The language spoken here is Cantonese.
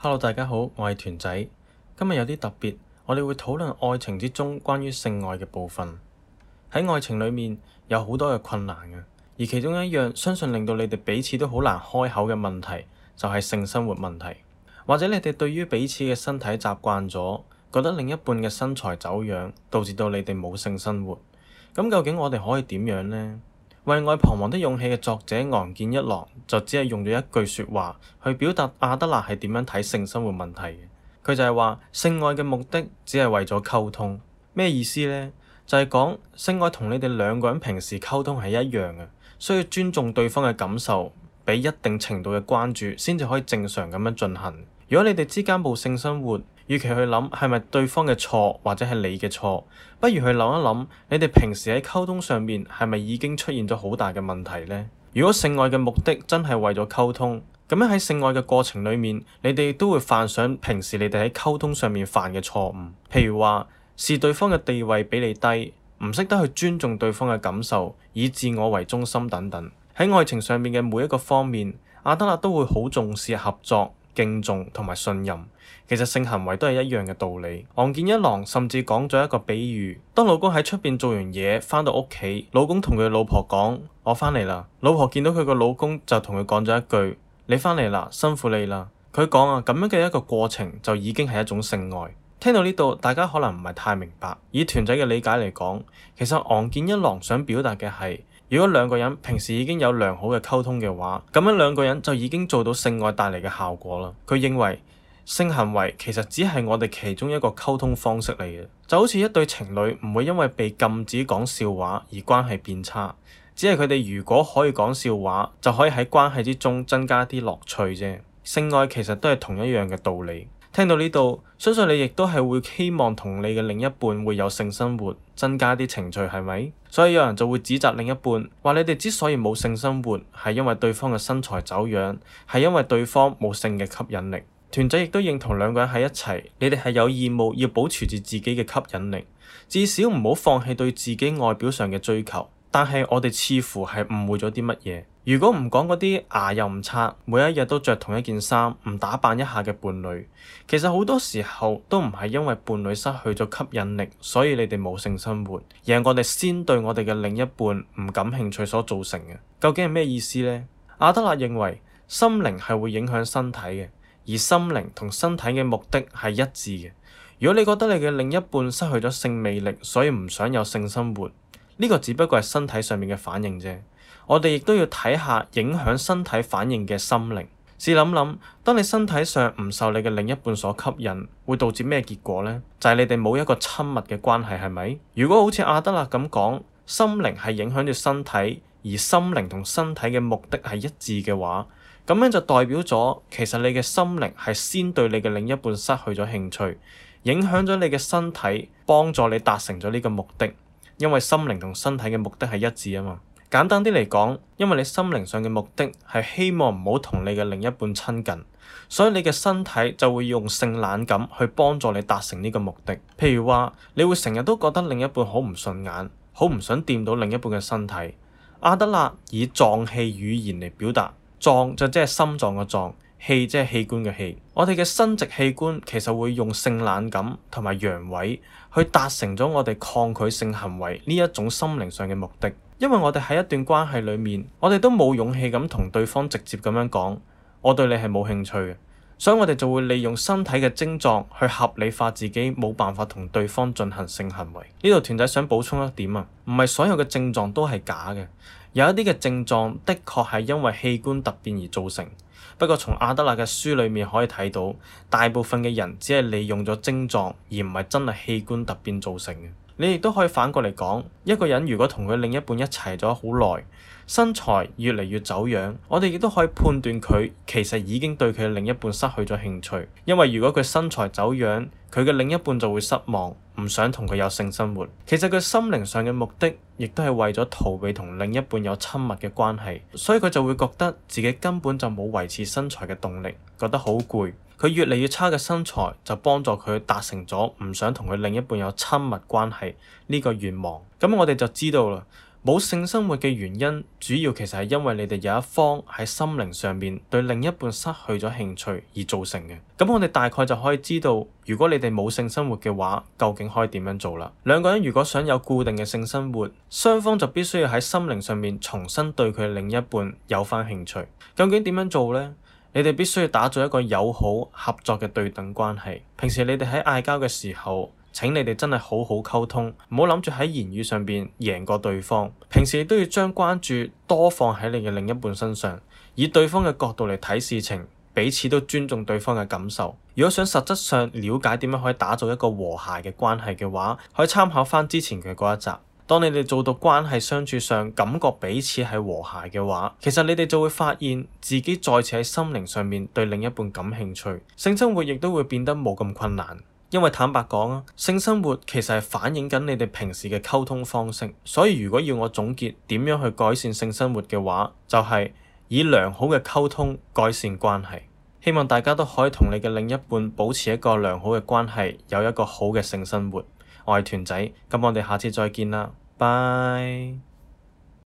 Hello，大家好，我係團仔。今日有啲特別，我哋會討論愛情之中關於性愛嘅部分。喺愛情裏面有好多嘅困難呀，而其中一樣相信令到你哋彼此都好難開口嘅問題就係性生活問題。或者你哋對於彼此嘅身體習慣咗，覺得另一半嘅身材走樣，導致到你哋冇性生活。咁究竟我哋可以點樣呢？為愛彷徨的勇氣嘅作者岸見一郎就只係用咗一句說話去表達阿德勒係點樣睇性生活問題嘅，佢就係話性愛嘅目的只係為咗溝通，咩意思呢？就係、是、講性愛同你哋兩個人平時溝通係一樣嘅，需要尊重對方嘅感受，俾一定程度嘅關注，先至可以正常咁樣進行。如果你哋之間冇性生活，與其去諗係咪對方嘅錯，或者係你嘅錯，不如去諗一諗，你哋平時喺溝通上面係咪已經出現咗好大嘅問題呢？如果性愛嘅目的真係為咗溝通，咁樣喺性愛嘅過程裡面，你哋都會犯上平時你哋喺溝通上面犯嘅錯誤，譬如話視對方嘅地位比你低，唔識得去尊重對方嘅感受，以自我為中心等等。喺愛情上面嘅每一個方面，阿德勒都會好重視合作。敬重同埋信任，其實性行為都係一樣嘅道理。岸見一郎甚至講咗一個比喻：當老公喺出邊做完嘢返到屋企，老公同佢老婆講：我返嚟啦。老婆見到佢個老公就同佢講咗一句：你返嚟啦，辛苦你啦。佢講啊，咁樣嘅一個過程就已經係一種性愛。聽到呢度，大家可能唔係太明白。以團仔嘅理解嚟講，其實岸見一郎想表達嘅係。如果兩個人平時已經有良好嘅溝通嘅話，咁樣兩個人就已經做到性愛帶嚟嘅效果啦。佢認為性行為其實只係我哋其中一個溝通方式嚟嘅，就好似一對情侶唔會因為被禁止講笑話而關係變差，只係佢哋如果可以講笑話，就可以喺關係之中增加啲樂趣啫。性愛其實都係同一樣嘅道理。聽到呢度，相信你亦都係會希望同你嘅另一半會有性生活，增加啲情趣，係咪？所以有人就會指責另一半，話你哋之所以冇性生活，係因為對方嘅身材走樣，係因為對方冇性嘅吸引力。團仔亦都認同兩個人喺一齊，你哋係有義務要保持住自己嘅吸引力，至少唔好放棄對自己外表上嘅追求。但係我哋似乎係誤會咗啲乜嘢？如果唔講嗰啲牙又唔刷，每一日都着同一件衫，唔打扮一下嘅伴侶，其實好多時候都唔係因為伴侶失去咗吸引力，所以你哋冇性生活，而係我哋先對我哋嘅另一半唔感興趣所造成嘅。究竟係咩意思呢？阿德勒認為，心靈係會影響身體嘅，而心靈同身體嘅目的係一致嘅。如果你覺得你嘅另一半失去咗性魅力，所以唔想有性生活，呢個只不過係身體上面嘅反應啫。我哋亦都要睇下影響身體反應嘅心靈。試諗諗，當你身體上唔受你嘅另一半所吸引，會導致咩結果呢？就係你哋冇一個親密嘅關係，係咪？如果好似阿德勒咁講，心靈係影響住身體，而心靈同身體嘅目的係一致嘅話，咁樣就代表咗，其實你嘅心靈係先對你嘅另一半失去咗興趣，影響咗你嘅身體，幫助你達成咗呢個目的，因為心靈同身體嘅目的係一致啊嘛。簡單啲嚟講，因為你心靈上嘅目的係希望唔好同你嘅另一半親近，所以你嘅身體就會用性冷感去幫助你達成呢個目的。譬如話，你會成日都覺得另一半好唔順眼，好唔想掂到另一半嘅身體。阿德勒以臟器語言嚟表達，臟就即係心臟嘅臟。器即係器官嘅器，我哋嘅生殖器官其實會用性冷感同埋陽痿去達成咗我哋抗拒性行為呢一種心靈上嘅目的。因為我哋喺一段關係裏面，我哋都冇勇氣咁同對方直接咁樣講，我對你係冇興趣嘅，所以我哋就會利用身體嘅症狀去合理化自己冇辦法同對方進行性行為。呢度團仔想補充一點啊，唔係所有嘅症狀都係假嘅，有一啲嘅症狀的確係因為器官突變而造成。不過從阿德勒嘅書裏面可以睇到，大部分嘅人只係利用咗症狀，而唔係真係器官突變造成嘅。你亦都可以反過嚟講，一個人如果同佢另一半一齊咗好耐，身材越嚟越走樣，我哋亦都可以判斷佢其實已經對佢嘅另一半失去咗興趣，因為如果佢身材走樣，佢嘅另一半就會失望，唔想同佢有性生活。其實佢心靈上嘅目的。亦都係為咗逃避同另一半有親密嘅關係，所以佢就會覺得自己根本就冇維持身材嘅動力，覺得好攰。佢越嚟越差嘅身材就幫助佢達成咗唔想同佢另一半有親密關係呢個願望。咁我哋就知道啦。冇性生活嘅原因，主要其實係因為你哋有一方喺心靈上面對另一半失去咗興趣而造成嘅。咁我哋大概就可以知道，如果你哋冇性生活嘅話，究竟可以點樣做啦？兩個人如果想有固定嘅性生活，雙方就必須要喺心靈上面重新對佢另一半有翻興趣。究竟點樣做咧？你哋必須要打造一個友好合作嘅對等關係。平時你哋喺嗌交嘅時候，請你哋真係好好溝通，唔好諗住喺言語上面贏過對方。平時都要將關注多放喺你嘅另一半身上，以對方嘅角度嚟睇事情，彼此都尊重對方嘅感受。如果想實質上了解點樣可以打造一個和諧嘅關係嘅話，可以參考返之前嘅嗰一集。當你哋做到關係相處上感覺彼此係和諧嘅話，其實你哋就會發現自己再次喺心靈上面對另一半感興趣，性生活亦都會變得冇咁困難。因為坦白講啊，性生活其實係反映緊你哋平時嘅溝通方式，所以如果要我總結點樣去改善性生活嘅話，就係以良好嘅溝通改善關係。希望大家都可以同你嘅另一半保持一個良好嘅關係，有一個好嘅性生活。我係團仔，咁我哋下次再見啦，拜。